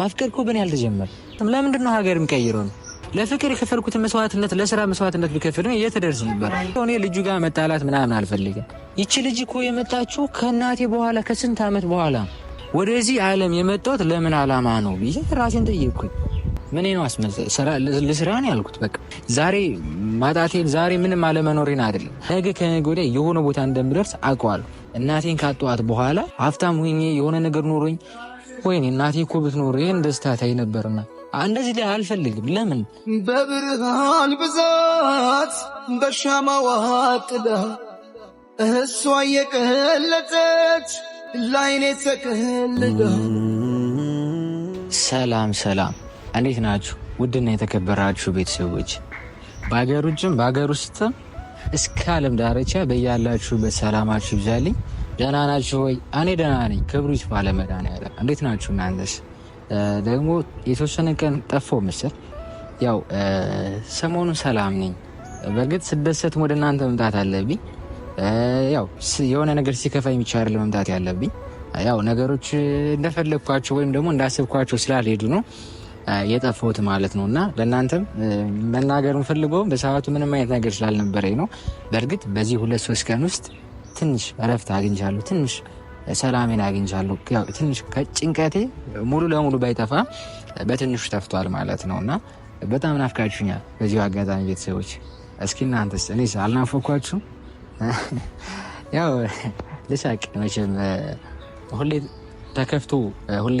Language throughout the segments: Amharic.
ማፍቀር እኮ በእኔ አልተጀመረ። ለምንድን ነው ሀገር የሚቀይረው? ለፍቅር የከፈልኩትን መስዋዕትነት ለስራ መስዋዕትነት ቢከፍል የት ደርስ ነበር? እኔ ልጁ ጋር መጣላት ምናምን አልፈልግም። ይቺ ልጅ እኮ የመጣችው ከእናቴ በኋላ ከስንት ዓመት በኋላ ወደዚህ ዓለም የመጣሁት ለምን ዓላማ ነው ብዬ ራሴን ጠየቅኩኝ። ምን ነው ልስራ ነው ያልኩት። በቃ ዛሬ ማጣቴን ዛሬ ምንም አለመኖሬን አይደለም፣ ነገ ከነገ ወዲያ የሆነ ቦታ እንደምደርስ አውቀዋለሁ። እናቴን ካጠዋት በኋላ ሀብታም ሁኜ የሆነ ነገር ኖሮኝ ወይኔ እናቴ እኮ ብትኖር ይህን ደስታ ታይ ነበርና እንደዚህ ላይ አልፈልግም። ለምን በብርሃን ብዛት በሻማዋ ቅዳ እሷ የቀለጠች ላይኔ ተቀልዳ። ሰላም ሰላም፣ እንዴት ናችሁ? ውድና የተከበራችሁ ቤተሰቦች በሀገር ውጭም በሀገር ውስጥም እስከ ዓለም ዳርቻ በያላችሁ በሰላማችሁ ይብዛልኝ። ደህና ናችሁ ወይ? እኔ ደህና ነኝ፣ ክብሩ ይስፋ ለመድኃኒዓለም። እንዴት ናችሁ እናንተስ? ደግሞ የተወሰነ ቀን ጠፎ ምስል ያው ሰሞኑን ሰላም ነኝ። በእርግጥ ስደሰት ወደ እናንተ መምጣት አለብኝ። ያው የሆነ ነገር ሲከፋኝ ብቻ መምጣት ያለብኝ። ያው ነገሮች እንደፈለግኳቸው ወይም ደግሞ እንዳስብኳቸው ስላልሄዱ ነው የጠፋሁት ማለት ነው። እና ለእናንተም መናገር ፈልገውም በሰዓቱ ምንም አይነት ነገር ስላልነበረኝ ነው። በእርግጥ በዚህ ሁለት ሶስት ቀን ውስጥ ትንሽ እረፍት አግኝቻለሁ። ትንሽ ሰላሜን አግኝቻለሁ። ትንሽ ከጭንቀቴ ሙሉ ለሙሉ ባይጠፋ በትንሹ ተፍቷል ማለት ነው እና በጣም ናፍቃችሁኛል። በዚሁ አጋጣሚ ቤተሰቦች እስኪ እናንተስ? እኔ አልናፈኳችሁ? ያው ልሳቅ መቼም ሁሌ ተከፍቶ ሁሌ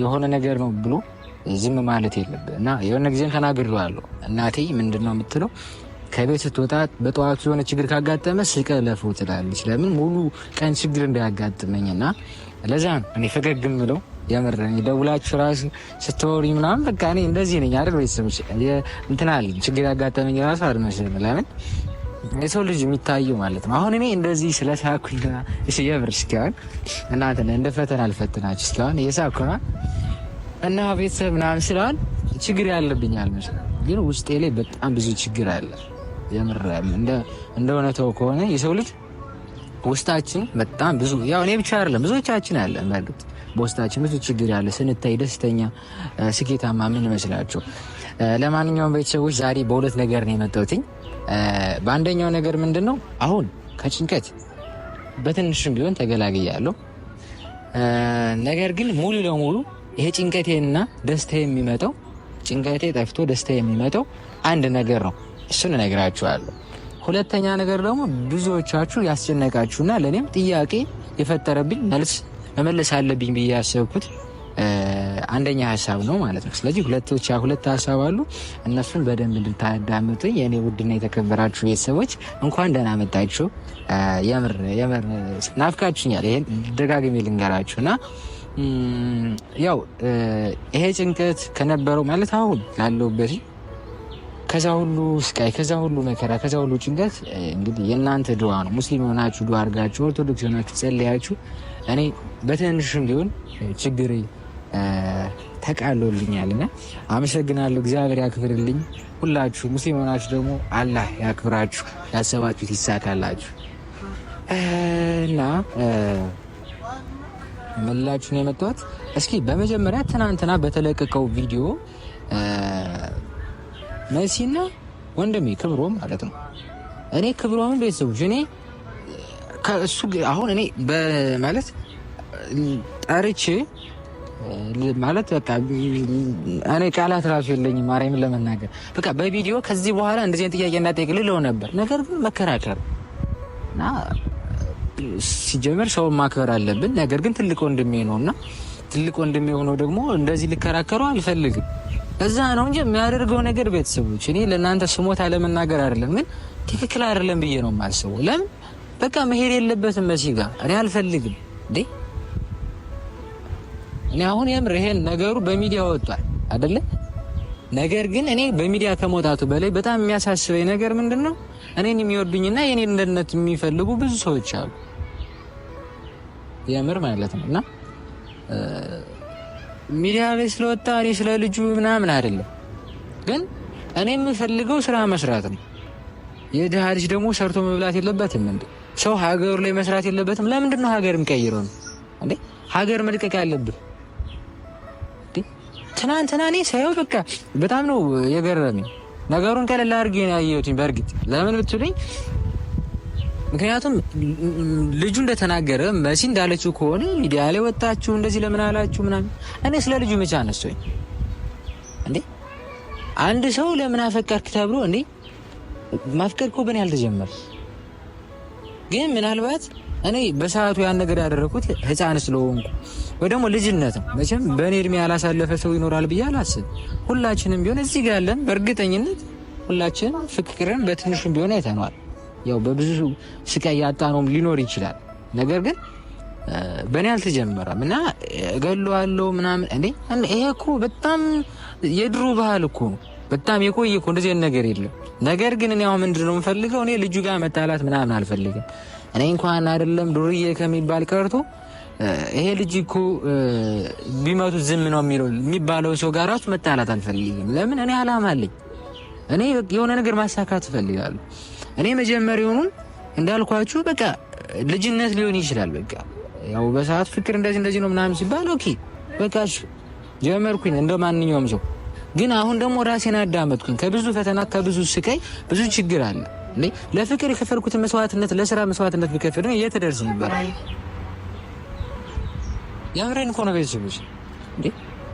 የሆነ ነገር ነው ብሎ ዝም ማለት የለብህ እና የሆነ ጊዜም ተናግሬዋለሁ። እናቴ ምንድን ነው የምትለው ከቤት ስትወጣ በጠዋቱ የሆነ ችግር ካጋጠመ ስቀ ለፎ ትላለች። ለምን ሙሉ ቀን ችግር እንዳያጋጥመኝ እና ለዛ እኔ ፈገግ ምለው። የምር ደውላችሁ ራሱ ስትወሪ ምናምን በቃ እኔ እንደዚህ ነኝ አይደል? ቤተሰቦች እንትናል ችግር ያጋጠመኝ ራሱ አድመስል ለምን የሰው ልጅ የሚታየው ማለት ነው። አሁን እኔ እንደዚህ ስለሳኩኝ እሺ፣ የምር እስኪሆን አሁን እናንተ እንደ ፈተና አልፈተናችሁ ስለሆን እየሳኩና እና ቤተሰብ ምናምን ስለሆን ችግር ያለብኝ አልመስልም፣ ግን ውስጤ ላይ በጣም ብዙ ችግር አለ። የምር እንደ እውነታው ከሆነ የሰው ልጅ ውስጣችን በጣም ብዙ ያው እኔ ብቻ አይደለም ብዙዎቻችን አለ በእርግጥ በውስጣችን ብዙ ችግር ያለ ስንታይ ደስተኛ፣ ስኬታማ ምን መስላቸው። ለማንኛውም ቤተሰቦች ዛሬ በሁለት ነገር ነው የመጣሁትኝ። በአንደኛው ነገር ምንድን ነው አሁን ከጭንቀት በትንሽም ቢሆን ተገላግያለሁ። ነገር ግን ሙሉ ለሙሉ ይሄ ጭንቀቴና ደስታ የሚመጣው ጭንቀቴ ጠፍቶ ደስታ የሚመጣው አንድ ነገር ነው እሱን እነግራችኋለሁ። ሁለተኛ ነገር ደግሞ ብዙዎቻችሁ ያስጨነቃችሁና ለእኔም ጥያቄ የፈጠረብኝ መልስ መመለስ አለብኝ ብዬ ያሰብኩት አንደኛ ሀሳብ ነው ማለት ነው። ስለዚህ ሁለቶች ሁለት ሀሳብ አሉ። እነሱን በደንብ እንድታዳምጡ የእኔ ውድና የተከበራችሁ ቤተሰቦች እንኳን ደህና መጣችሁ። የምር የምር ናፍቃችሁኛል። ይሄን ደጋግሜ ልንገራችሁ እና ያው ይሄ ጭንቀት ከነበረው ማለት አሁን ላለሁበት ከዛ ሁሉ ስቃይ፣ ከዛ ሁሉ መከራ፣ ከዛ ሁሉ ጭንቀት እንግዲህ የእናንተ ድዋ ነው። ሙስሊም የሆናችሁ ድዋ አድርጋችሁ፣ ኦርቶዶክስ የሆናችሁ ጸልያችሁ፣ እኔ በትንሽም ቢሆን ችግር ተቃሎልኛል እና አመሰግናለሁ። እግዚአብሔር ያክብርልኝ። ሁላችሁ ሙስሊም የሆናችሁ ደግሞ አላህ ያክብራችሁ፣ ያሰባችሁት ይሳካላችሁ እና መላችሁ ነው የመጣሁት። እስኪ በመጀመሪያ ትናንትና በተለቀቀው ቪዲዮ መሲና ወንድሜ ክብሮም ማለት ነው። እኔ ክብሮምን ቤተሰቦች እኔ ከእሱ አሁን እኔ ማለት ጠርቼ ማለት በቃ እኔ ቃላት ራሱ የለኝም ማርያምን ለመናገር በቃ በቪዲዮ ከዚህ በኋላ እንደዚህ ጥያቄ እናጠይቅ ልለው ነበር። ነገር ግን መከራከር እና ሲጀምር ሰውን ማክበር አለብን። ነገር ግን ትልቅ ወንድሜ ነው እና ትልቅ ወንድሜ ሆኖ ደግሞ እንደዚህ ልከራከሩ አልፈልግም። እዛ ነው እንጂ የሚያደርገው ነገር ቤተሰቦች፣ እኔ ለእናንተ ስሞት አለመናገር አይደለም፣ ግን ትክክል አይደለም ብዬ ነው የማስበው። ለምን በቃ መሄድ የለበትም መሲ ጋር እኔ አልፈልግም እንዴ። እኔ አሁን የምር ይሄን ነገሩ በሚዲያ ወጥቷል አደለ? ነገር ግን እኔ በሚዲያ ከመውጣቱ በላይ በጣም የሚያሳስበኝ ነገር ምንድን ነው፣ እኔን የሚወዱኝና የኔ እንደነት የሚፈልጉ ብዙ ሰዎች አሉ፣ የምር ማለት ነው እና ሚዲያ ላይ ስለወጣ እኔ ስለ ልጁ ምናምን አይደለም፣ ግን እኔ የምፈልገው ስራ መስራት ነው። የድሃ ልጅ ደግሞ ሰርቶ መብላት የለበትም እንዴ? ሰው ሀገሩ ላይ መስራት የለበትም? ለምንድን ነው ሀገር የሚቀይረው ነው እንዴ? ሀገር መልቀቅ ያለብህ ትናንትና እኔ ሳየው በቃ በጣም ነው የገረመኝ። ነገሩን ቀለል አድርጌ ነው በእርግጥ ለምን ብትሉኝ ምክንያቱም ልጁ እንደተናገረ መሲ እንዳለችው ከሆነ ሚዲያ ላይ ወጣችሁ እንደዚህ ለምን አላችሁ ምናምን። እኔ ስለ ልጁ መቼ አነሶኝ እንዴ? አንድ ሰው ለምን አፈቀርክ ተብሎ እንዴ፣ ማፍቀር እኮ በእኔ አልተጀመረ። ግን ምናልባት እኔ በሰዓቱ ያን ነገር ያደረኩት ህፃን ስለሆንኩ ወይ ደግሞ ልጅነት ነው። መቼም በእኔ እድሜ ያላሳለፈ ሰው ይኖራል ብዬ አላስብ። ሁላችንም ቢሆን እዚህ ጋር ያለን በእርግጠኝነት ሁላችንም ፍቅርን በትንሹም ቢሆን አይተነዋል። ያው በብዙ ስቃይ ያጣነውም ሊኖር ይችላል። ነገር ግን በእኔ አልተጀመረም እና እገለዋለሁ ምናምን እንዴ ይሄ እኮ በጣም የድሮ ባህል እኮ ነው። በጣም የቆየ እኮ እንደዚህ ነገር የለም። ነገር ግን እኔ አሁን ምንድን ነው የምፈልገው? እኔ ልጁ ጋር መጣላት ምናምን አልፈልግም። እኔ እንኳን አይደለም ዱርዬ ከሚባል ቀርቶ ይሄ ልጅ እኮ ቢመቱ ዝም ነው የሚለው የሚባለው ሰው ጋር ራሱ መጣላት አልፈልግም። ለምን? እኔ አላማ አለኝ። እኔ የሆነ ነገር ማሳካት እፈልጋለሁ። እኔ መጀመሪያውኑ እንዳልኳችሁ በቃ ልጅነት ሊሆን ይችላል። በቃ ያው በሰዓት ፍቅር እንደዚህ እንደዚህ ነው ምናምን ሲባል ኦኬ በቃ ጀመርኩኝ እንደ ማንኛውም ሰው። ግን አሁን ደግሞ ራሴን አዳመጥኩኝ። ከብዙ ፈተና፣ ከብዙ ስቃይ፣ ብዙ ችግር አለ። ለፍቅር የከፈልኩትን መስዋዕትነት፣ ለስራ መስዋዕትነት ብከፍል የት ደርስ ነበር? የምሬን እኮ ነው ቤተሰቦች።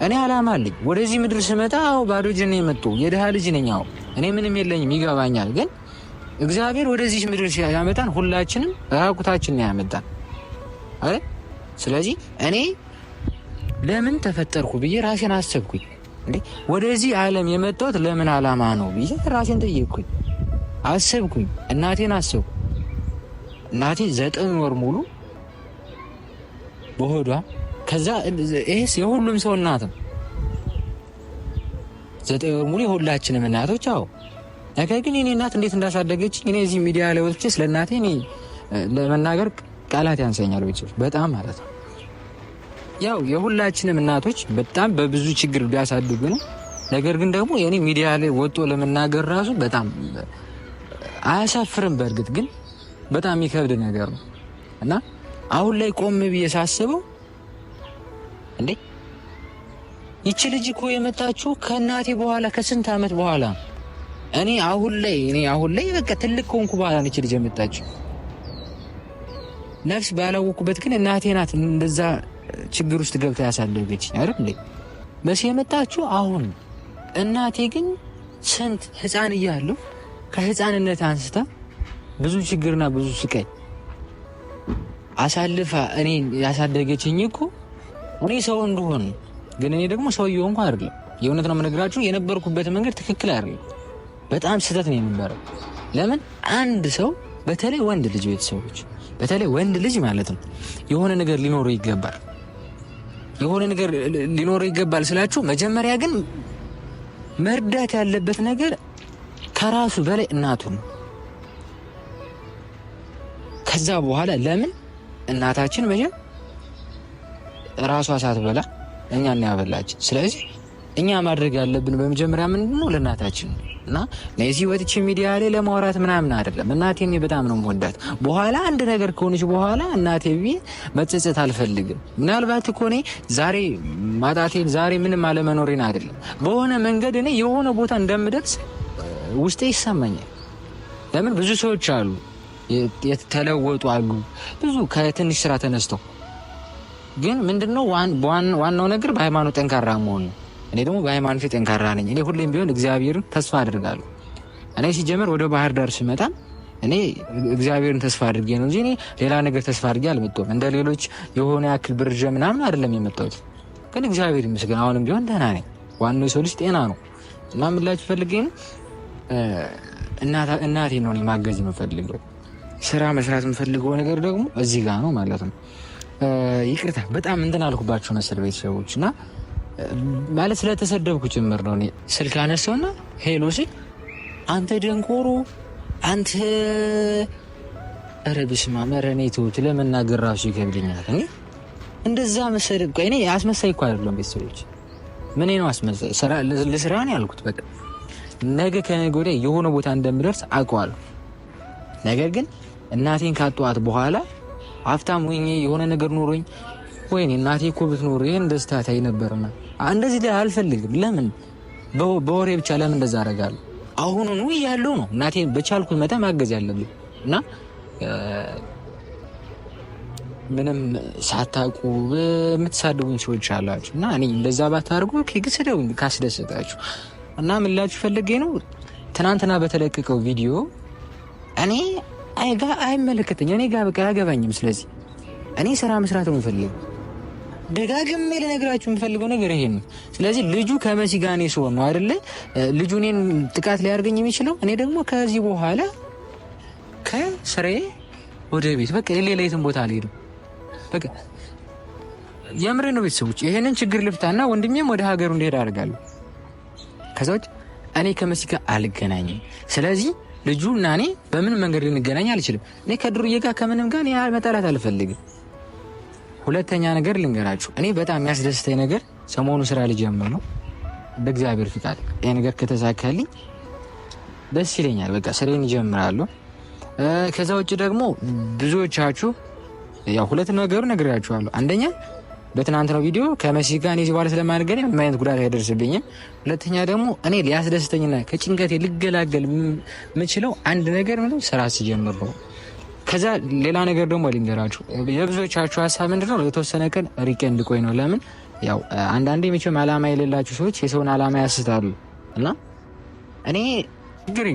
እኔ አላማ አለኝ። ወደዚህ ምድር ስመጣ ባዶ እጄን ነው የመጣሁ። የድሃ ልጅ ነኝ። እኔ ምንም የለኝም፣ ይገባኛል ግን እግዚአብሔር ወደዚህ ምድር ያመጣን ሁላችንም ራቁታችን ነው ያመጣን አይደል? ስለዚህ እኔ ለምን ተፈጠርኩ ብዬ ራሴን አሰብኩኝ። እንዴ ወደዚህ ዓለም የመጣሁት ለምን ዓላማ ነው ብዬ ራሴን ጠየቅኩኝ፣ አሰብኩኝ። እናቴን አሰብኩ። እናቴ ዘጠኝ ወር ሙሉ በሆዷ ከዛ ይሄስ የሁሉም ሰው እናት ነው። ዘጠኝ ወር ሙሉ የሁላችንም እናቶች አዎ ነገር ግን የኔ እናት እንዴት እንዳሳደገች እኔ እዚህ ሚዲያ ላይ ወጥቼ ስለ እናቴ እኔ ለመናገር ቃላት ያንሰኛል። ቤተሰብ በጣም ማለት ነው። ያው የሁላችንም እናቶች በጣም በብዙ ችግር ቢያሳድጉ ነው። ነገር ግን ደግሞ የኔ ሚዲያ ላይ ወጥቶ ለመናገር ራሱ በጣም አያሳፍርም። በእርግጥ ግን በጣም የሚከብድ ነገር ነው እና አሁን ላይ ቆም ብዬ ሳስበው እንዴ ይቺ ልጅ እኮ የመጣችው ከእናቴ በኋላ ከስንት ዓመት በኋላ ነው እኔ አሁን ላይ እኔ አሁን ላይ በቃ ትልቅ ከሆንኩ በኋላ ነች ልጅ የመጣችው። ነፍስ ባላወቅኩበት ግን እናቴ ናት እንደዛ ችግር ውስጥ ገብታ ያሳደገችኝ አይደል እንዴ? መሲ የመጣችው አሁን። እናቴ ግን ስንት ህፃን እያለሁ ከህፃንነት አንስታ ብዙ ችግርና ብዙ ስቃይ አሳልፋ እኔ ያሳደገችኝ እኮ እኔ ሰው እንደሆን ግን እኔ ደግሞ ሰውየው እንኳን አይደለም። የእውነት ነው የምነግራችሁ የነበርኩበት መንገድ ትክክል አይደለም። በጣም ስህተት ነው የምንበረው። ለምን አንድ ሰው በተለይ ወንድ ልጅ ቤተሰቦች፣ በተለይ ወንድ ልጅ ማለት ነው የሆነ ነገር ሊኖረው ይገባል። የሆነ ነገር ሊኖረው ይገባል ስላችሁ፣ መጀመሪያ ግን መርዳት ያለበት ነገር ከራሱ በላይ እናቱ ነው። ከዛ በኋላ ለምን እናታችን መቼም ራሷ ሳትበላ እኛ እናያበላችን። ስለዚህ እኛ ማድረግ ያለብን በመጀመሪያ ምንድን ነው ለእናታችን ነው እና ለዚህ ወጥቼ ሚዲያ ላይ ለማውራት ምናምን አይደለም። እናቴን በጣም ነው የምወዳት። በኋላ አንድ ነገር ከሆነች በኋላ እናቴ ቢ መጸጸት አልፈልግም። ምናልባት እኮ እኔ ዛሬ ማጣቴን፣ ዛሬ ምንም አለመኖሬን አይደለም። በሆነ መንገድ እኔ የሆነ ቦታ እንደምደርስ ውስጤ ይሰማኛል። ለምን ብዙ ሰዎች አሉ የተለወጡ አሉ፣ ብዙ ከትንሽ ስራ ተነስተው ግን ምንድነው ዋናው ነገር በሃይማኖት ጠንካራ መሆን ነው። እኔ ደግሞ በሃይማኖት ጠንካራ ነኝ። እኔ ሁሌም ቢሆን እግዚአብሔርን ተስፋ አድርጋለሁ። እኔ ሲጀመር ወደ ባህር ዳር ስመጣ እኔ እግዚአብሔርን ተስፋ አድርጌ ነው እንጂ እኔ ሌላ ነገር ተስፋ አድርጌ አልመጣሁም። እንደ ሌሎች የሆነ ያክል ብርጀ ምናምን አይደለም የመጣሁት። ግን እግዚአብሔር ይመስገን አሁንም ቢሆን ደህና ነኝ። ዋናው የሰው ልጅ ጤና ነው እና ምላችሁ ፈልጌ እናቴ ነው ማገዝ የምፈልገው ስራ መስራት የምፈልገው ነገር ደግሞ እዚህ ጋር ነው ማለት ነው። ይቅርታ በጣም እንትን አልኩባቸው መሰል ቤተሰቦች እና ማለት ስለተሰደብኩ ጭምር ነው። ስልክ አነሳውና ሄሎ ሲል አንተ ደንቆሮ አንተ ኧረ ብስማ መረኔቶች ለመናገር ራሱ ይከብድኛል። እኔ እንደዛ መሰደብ እኔ አስመሳይ እኮ አይደለም። ቤተሰቦች ምን ነው አስመሳይ ለስራ ነው ያልኩት። በቃ ነገ ከነገ ወዲያ የሆነ ቦታ እንደምደርስ አውቀዋለሁ። ነገር ግን እናቴን ካጠዋት በኋላ ሀብታም ሆኜ የሆነ ነገር ኖሮኝ እኮ ወይኔ እናቴ እኮ ብትኖር ይህን ደስታ ታይ ነበርና እንደዚህ ላይ አልፈልግም። ለምን በወሬ ብቻ ለምን እንደዛ አሁኑ አሁኑኑ ያለው ነው እናቴ በቻልኩት መጠን ማገዝ ያለብኝ እና ምንም ሳታውቁ የምትሳድቡኝ ሰዎች አላችሁ እና እኔ እንደዛ ባታደርጉ ግን ስደውኝ ካስደሰታችሁ እና ምን ላችሁ ፈልጌ ነው ትናንትና በተለቀቀው ቪዲዮ እኔ አይመለከተኝ እኔ ጋር በቃ አያገባኝም። ስለዚህ እኔ ስራ መስራት ነው የምፈልገው። ደጋግሜ ልነግራችሁ የምፈልገው ነገር ይሄ ነው። ስለዚህ ልጁ ከመሲ ጋር እኔ ስሆን ነው አይደለ? ልጁ እኔን ጥቃት ሊያደርገኝ የሚችለው እኔ ደግሞ ከዚህ በኋላ ከስሬ ወደ ቤት በቃ ሌላ የትም ቦታ አልሄድም። በቃ የምሬ ነው። ቤተሰቦች ይሄንን ችግር ልፍታና ወንድሜም ወደ ሀገሩ እንዲሄድ አደርጋለሁ። ከዛ ውጭ እኔ ከመሲ ጋር አልገናኝም። ስለዚህ ልጁ እና እኔ በምን መንገድ ልንገናኝ አልችልም። እኔ ከድሩዬ ጋር ከምንም ጋር መጣላት አልፈልግም። ሁለተኛ ነገር ልንገራችሁ፣ እኔ በጣም የሚያስደስተኝ ነገር ሰሞኑ ስራ ልጀምር ነው። በእግዚአብሔር ፍቃድ ይህ ነገር ከተሳካልኝ ደስ ይለኛል። በቃ ስሬን ይጀምራሉ። ከዛ ውጭ ደግሞ ብዙዎቻችሁ ያው ሁለት ነገሩ ነግራችኋለሁ። አንደኛ በትናንትናው ቪዲዮ ከመሲ ጋር እኔ እዚህ በኋላ ስለማንገናኝ ምንም አይነት ጉዳት አይደርስብኝም። ሁለተኛ ደግሞ እኔ ሊያስደስተኝና ከጭንቀቴ ልገላገል የምችለው አንድ ነገር ምንም ስራ ስጀምር ነው። ከዛ ሌላ ነገር ደግሞ ልንገራችሁ። የብዙዎቻችሁ ሀሳብ ምንድነው? የተወሰነ ቀን ርቄ እንድቆይ ነው። ለምን ያው አንዳንዴ መቼም አላማ የሌላችሁ ሰዎች የሰውን አላማ ያስታሉ እና እኔ ችግር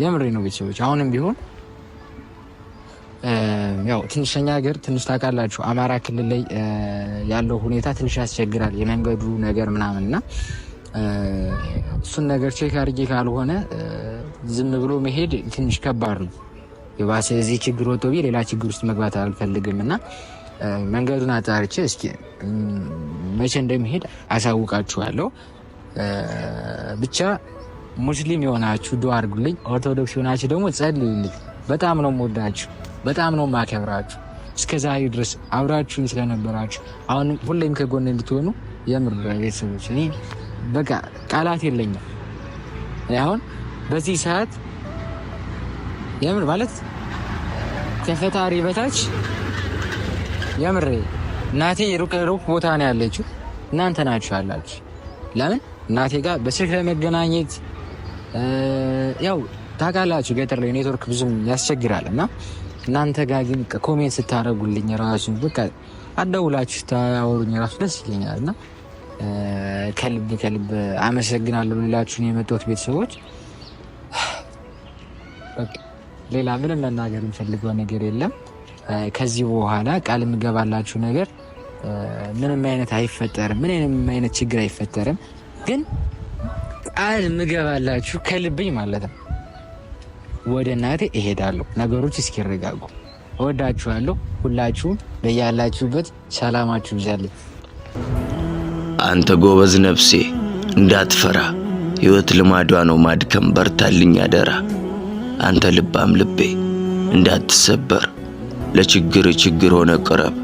የምሬ ነው። ቤተሰቦች አሁንም ቢሆን ያው ትንሽኛ ሀገር ትንሽ ታውቃላችሁ፣ አማራ ክልል ላይ ያለው ሁኔታ ትንሽ ያስቸግራል፣ የመንገዱ ነገር ምናምን እና እሱን ነገር ቼክ አድርጌ ካልሆነ ዝም ብሎ መሄድ ትንሽ ከባድ ነው። የባሰ እዚህ ችግር ወጥቶ ብዬ ሌላ ችግር ውስጥ መግባት አልፈልግም እና መንገዱን አጣርቼ እስኪ መቼ እንደሚሄድ አሳውቃችኋለሁ። ብቻ ሙስሊም የሆናችሁ ዱ አድርጉልኝ፣ ኦርቶዶክስ የሆናችሁ ደግሞ ጸልዩልኝ። በጣም ነው የምወዳችሁ፣ በጣም ነው የማከብራችሁ። እስከ ዛሬ ድረስ አብራችሁን ስለነበራችሁ አሁን ሁሌም ከጎን እንድትሆኑ የምር ቤተሰቦች፣ እኔ በቃ ቃላት የለኝም አሁን በዚህ ሰዓት የምር ማለት ከፈጣሪ በታች የምር እናቴ ሩቅ ሩቅ ቦታ ነው ያለችው። እናንተ ናችሁ አላችሁ። ለምን እናቴ ጋር በስልክ ለመገናኘት ያው ታውቃላችሁ፣ ገጠር ላይ ኔትወርክ ብዙም ያስቸግራል እና እናንተ ጋር ግን ኮሜንት ስታደረጉልኝ ራሱ በቃ አደውላችሁ ስታወሩኝ ራሱ ደስ ይለኛል እና ከልብ ከልብ አመሰግናለሁ ሌላችሁን የመጣሁት ቤተሰቦች ሌላ ምንም መናገር የምፈልገው ነገር የለም። ከዚህ በኋላ ቃል የምገባላችሁ ነገር ምንም አይነት አይፈጠርም፣ ምንም አይነት ችግር አይፈጠርም። ግን ቃል የምገባላችሁ ከልብኝ ማለት ነው ወደ እናቴ እሄዳለሁ፣ ነገሮች እስኪረጋጉ። እወዳችኋለሁ። ሁላችሁም በያላችሁበት ሰላማችሁ ይብዛልኝ። አንተ ጎበዝ ነፍሴ፣ እንዳትፈራ። ሕይወት ልማዷ ነው ማድከም። በርታልኝ አደራ። አንተ ልባም ልቤ እንዳትሰበር፣ ለችግር ችግር ሆነ ቅረብ።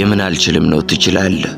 የምን አልችልም ነው ትችላለህ